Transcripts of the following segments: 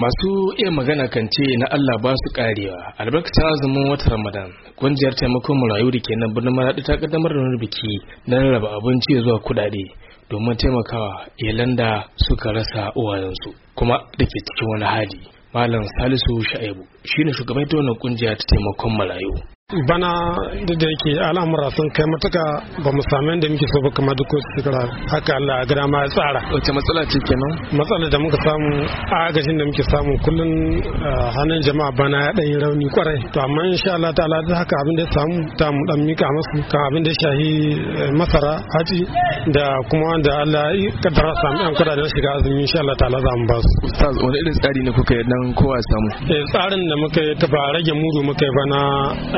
masu iya magana kan ce na Allah ba su karewa albarkacin azumin watan ramadan kungiyar taimakon marayu da ke nan birnin maraɗi ta kaddamar da wani biki na rarraba abinci zuwa kuɗaɗe domin taimakawa iyalan da suka rasa uwayensu kuma da ke cikin wani hali malam salisu sha'ibu shine shugaban ta wannan kungiya ta taimakon marayu bana da da yake al'amura sun kai matuka ba mu sami yadda muke so ba kamar duk wasu shekara haka Allah ya gada ma ya tsara. Wace matsala ce kenan? matsala da muka samu agajin da muke samu kullum hannun jama'a bana ya ɗanyi rauni kwarai. To amma insha Allah ta'ala da haka abin da ya samu ta mu dan mika masu kan abin da ya shahi eh, masara haji da kuma wanda Allah ya kaddara samu yan da shiga azumi insha Allah ta'ala za mu ba su. Ustaz wani irin tsari ne kuka yi dan kowa samu? Eh, tsarin da muka yi ta ba rage mudu muka yi bana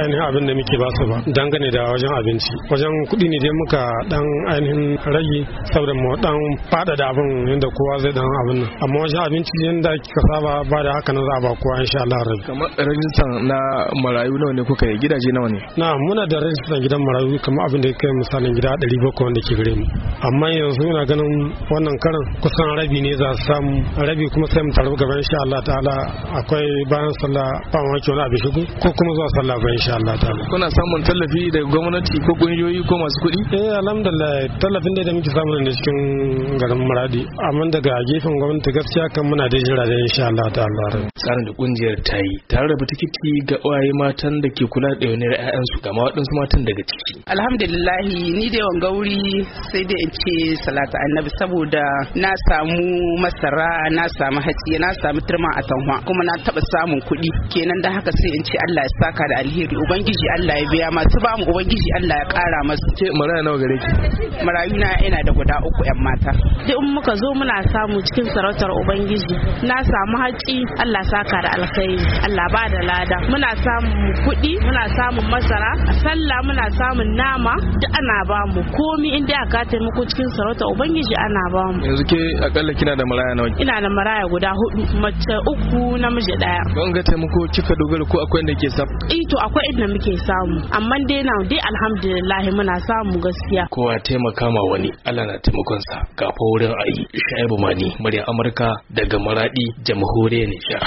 ainihin abin da muke ba su ba dangane da wajen abinci wajen kuɗi ne dai muka dan ainihin rage saboda mu dan fada da abin yadda kowa zai dan abin nan amma wajen abinci yadda kika saba ba da haka nan za a ba kowa insha Allah rabi kamar rajistan na marayu nawa ne kuka yi gidaje nawa ne na muna da rajistan gidan marayu kamar abin da kai misalin gida 700 wanda ke gare mu amma yanzu ina ganin wannan karin kusan rabi ne za su samu rabi kuma sai mu taru gaban insha Allah ta'ala akwai bayan sallah ba mamaki wani abin shigo ko kuma zuwa sallah ba insha Allah bukata ba kuna samun tallafi daga gwamnati ko kungiyoyi ko masu kuɗi eh alhamdulillah tallafin da muke samu ne cikin garin maradi amma daga gefen gwamnati gaskiya kan muna da jira da insha Allah ta Allah tsarin da kungiyar ta yi tare da batikiti ga uwaye matan da ke kula da yawanin ƴaƴansu kama waɗansu matan daga ciki alhamdulillah ni da yawan gauri sai dai in ce salatu annabi saboda na samu masara na samu hatsi na samu turma a tanwa kuma na taɓa samun kuɗi kenan da haka sai in ce Allah ya saka da alheri ubangiji Allah ya biya masu ba mu ubangiji Allah ya kara masu ce maraya nawa gare ki marayu na yana da guda uku yan mata duk in muka zo muna samu cikin sarautar ubangiji na samu haƙi Allah saka da alkhairi Allah ba da lada muna samun kuɗi muna samun masara a sallah muna samun nama duk ana ba mu komi in dai aka taimako cikin sarautar ubangiji ana ba mu yanzu ke akalla kina da maraya nawa ina da maraya guda hudu mace uku namiji daya don ga taimako kika dogara ko akwai inda ke sa eh to akwai inda da muke samu amma dai na dai alhamdulillah muna samu gaskiya kowa taimaka ma wani Allah na taimakon sa ga wurin ayi Shaibu Mani murya Amurka daga Maradi jamhuriyar Nijar